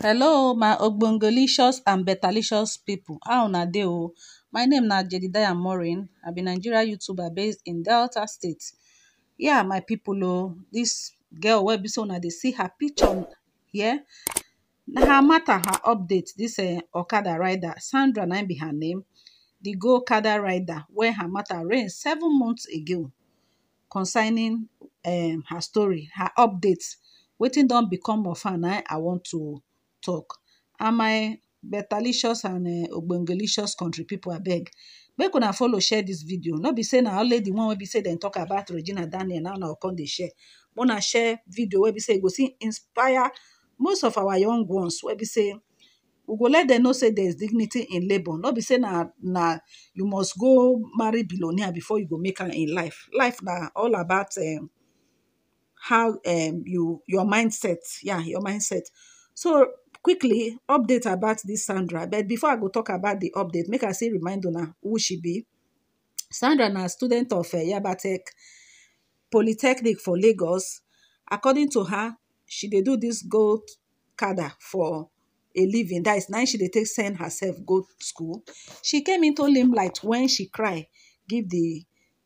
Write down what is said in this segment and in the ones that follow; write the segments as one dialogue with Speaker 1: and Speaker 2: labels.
Speaker 1: hello my ogbongelicious and betalicious people. how una dey o my name na jedidiah morin i be nigeria youtuber based in delta state yeah my people, o This girl wey be so una dey see her picture here na her matter her update This dis eh, okada rider sandra na be her name the Go Kada rider, where her matter reigned seven months ago concerning um, her story, her updates. Waiting don't become of her now. I want to talk. Am I betalicious and uh, country people? I beg. make una follow share this video no be say na only the one will be say then talk about regina daniel now na come dey share i share video wey be say go see inspire most of our young ones will be say we go let them know say there is dignity in labour Not be saying na na you must go marry billionaire before you go make am in life life now all about um, how um, you your mindset yeah your mindset so quickly update about this sandra but before i go talk about the update make i say remind una who she be sandra na student of uh, yabatech polytechnic for lagos according to her she did do this gold cadre for a living that now she they take send herself go school she came into limelight when she cry give the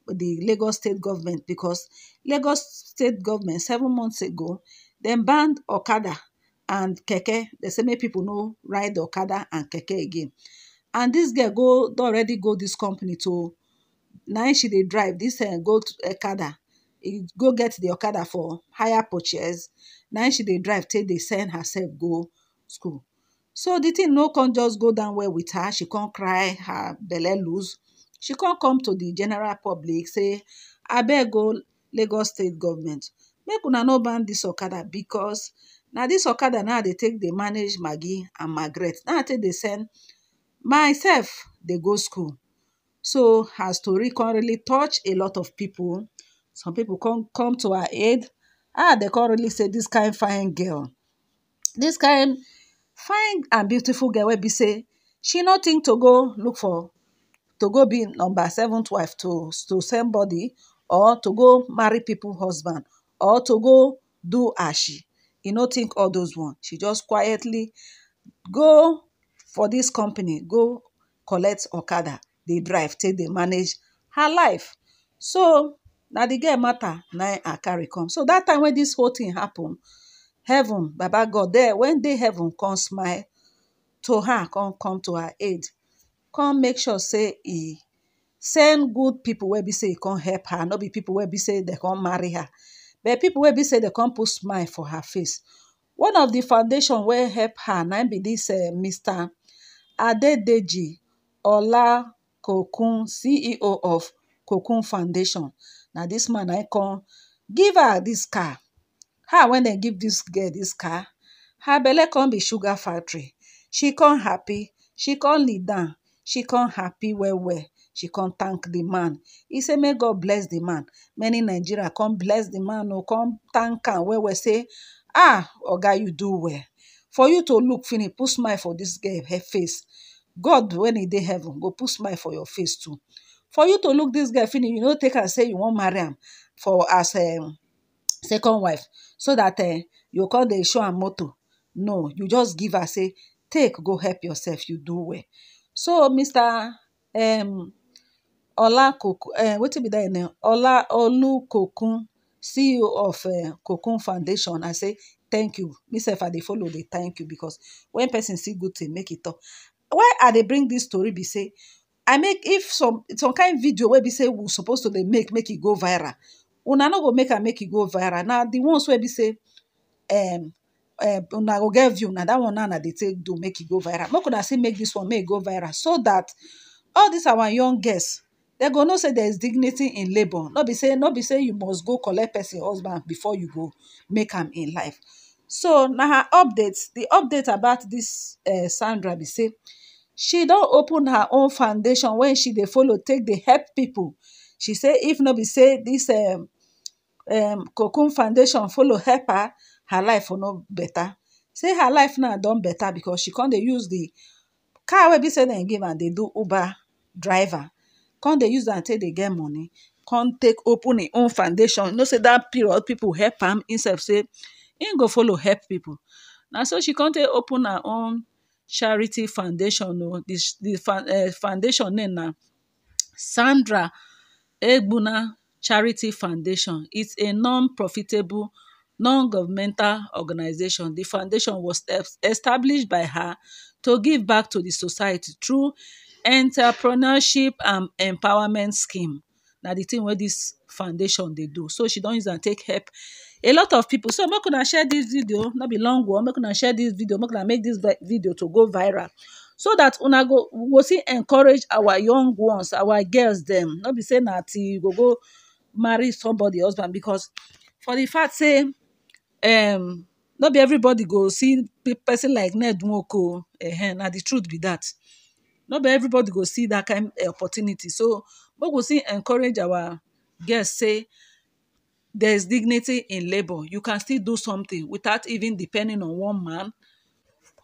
Speaker 1: lagos state government because lagos state government seven months ago then banned okada and keke The same people know no ride okada and keke again and this girl go already go this company to Now she they drive dis eh, go okada go get the okada for higher purchase Now she they drive take they send herself go school So the thing no come just go down well with her. She can't cry her belle lose. She can't come to the general public say, abeg o Lagos state government make una no ban this okada because na this okada now dey take dey manage Maggie and Margaret now I take dey send myself dey go school so her story come really touch a lot of people some people come come to her aid ah they come really say this kind fine girl this kind fine and beautiful girl will be say she not think to go look for to go be number seventh wife to to somebody or to go marry people husband or to go do as she not think all those one she just quietly go for this company go collect okada They drive take they manage her life so now the girl matter na i carry come so that time when this whole thing happen heaven baba god there when dey heaven come smile to her come come to her aid come make sure say e send good people wey be say e come help her no be people wey be say dem come marry her but people wey be say dem come put smile for her face one of the foundation wey help her na be this dis eh, mr adedeji olakokun ceo of kokun foundation na this man na come give her this car her when they give this girl this car her belle con be sugar factory she can't happy she can't lead down she can't happy well well she can't thank the man He say may god bless the man many nigeria come bless the man or oh, come thank am where well say ah oga you do well for you to look finish put smile for this girl her face god when he dey heaven go put smile for your face too for you to look this girl finish you no take and say you want marry him. for as um second wife so that uh, you call the show and motto. no you just give her say take go help yourself you do well so mr um, olakokun uh, eh, wetin be that name ola olukokun ceo of uh, kokun foundation i say thank you Mister. sef follow the thank you because when person see good thing make it talk why are they bring this story be say i make if some some kind video where be say we supposed to they make make it go viral una no go make am make e go viral na the ones wey be say um, um una go get view na that one na dey take do make e go viral make una say make this one make e go viral so that all dis our young girls dem go know say there is dignity in labour no be say no be say you must go collect person husband before you go make am in life so na her update the update about uh sandra be say she don open her own foundation wey she dey follow take dey help people she say if no be say this um, um, cocoon foundation follow help her her life will no better say her life now done better because she can't use the car wey be say they give and they do uber driver Can't they use am until they get money Can't take open a own foundation you know say that period people help him himself say ain't go follow help people. Now so she can take open her own charity foundation this oh. the eh, foundation name now sandra egbuna charity foundation it's a non-profitable non-governmental organization the foundation was established by her to give back to the society through entrepreneurship and empowerment scheme na the thing wey dis foundation dey do so she don use am take help a lot of pipo so make una share dis video no be long one make una share dis video make una make dis video to go viral. so that una go we see encourage our young ones our girls them. Not be saying that you go go marry somebody husband because for the fact say um not be everybody go see person like ned Moko. uh, now the truth be that not be everybody go see that kind opportunity so we go see encourage our girls say there is dignity in labour you can still do something without even depending on one man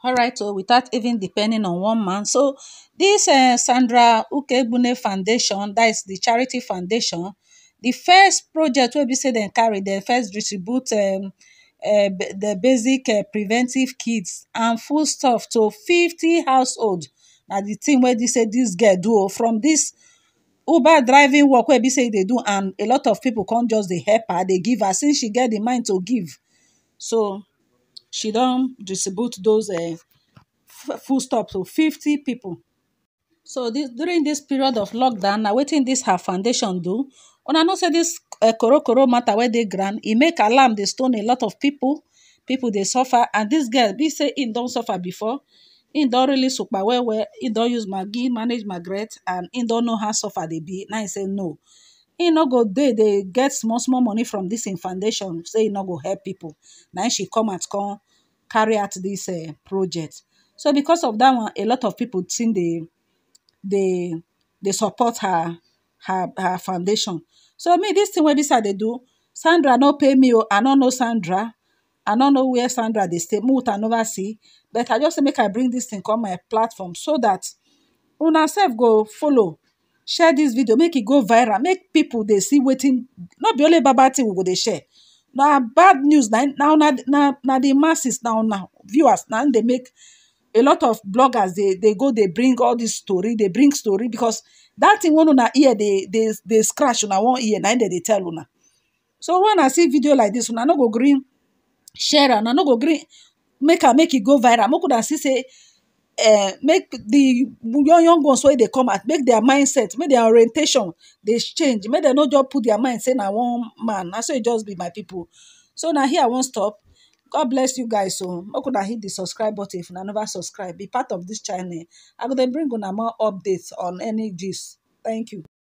Speaker 1: all right or without even depending on one man so this uh, sandra Ukebune foundation that is the charity foundation the first project wey be said dem carry the first distribute um, uh, the basic uh, preventive kits and full stuff to 50 households. Now the thing where they say this girl do oh, from this uber driving work where they say they e do and a lot of people can't just dey help her they give her since she get the mind to give so she don distribute those eh, full stop to 50 people. so this during this period of lockdown now waiting this her foundation do When I know say eh, koro koro matter where they grant, e make alarm They stone a lot of people. People they suffer and this girl be say "He don't suffer before He don't really super well well he don't use maggi manage margaret and he don't know how suffer they be Now he say no He no go They they get small small money from this foundation say he no go help people. Then she come at come carry out dis eh, project so because of that one a lot of people think they they dey support her her her foundation so me this thing where this i they do sandra no pay me o oh. i no know sandra i no know where sandra they stay moot and never see but i just make i bring this thing come my platform so that una self go follow share dis video make e go viral make pipo dey see wetin no be only baba tin we go dey share na bad news na na na na di masses na or viewers na dey make a lot of bloggers dey dey go dey bring all dis story dey bring story because dat tin one una ear dey dey dey scratch una one ear na im dey tell una. so when i see video like dis una no go gree share am na no go gree make am make e go viral make una see say. uh, make the young young ones where they come at make their mindset make their orientation They change make them not just put their mind saying, "I want man I say, just be my people so now here i won't stop god bless you guys o could una hit the subscribe button if I never subscribe be part of this channel i could then bring una more updates on any gist thank you.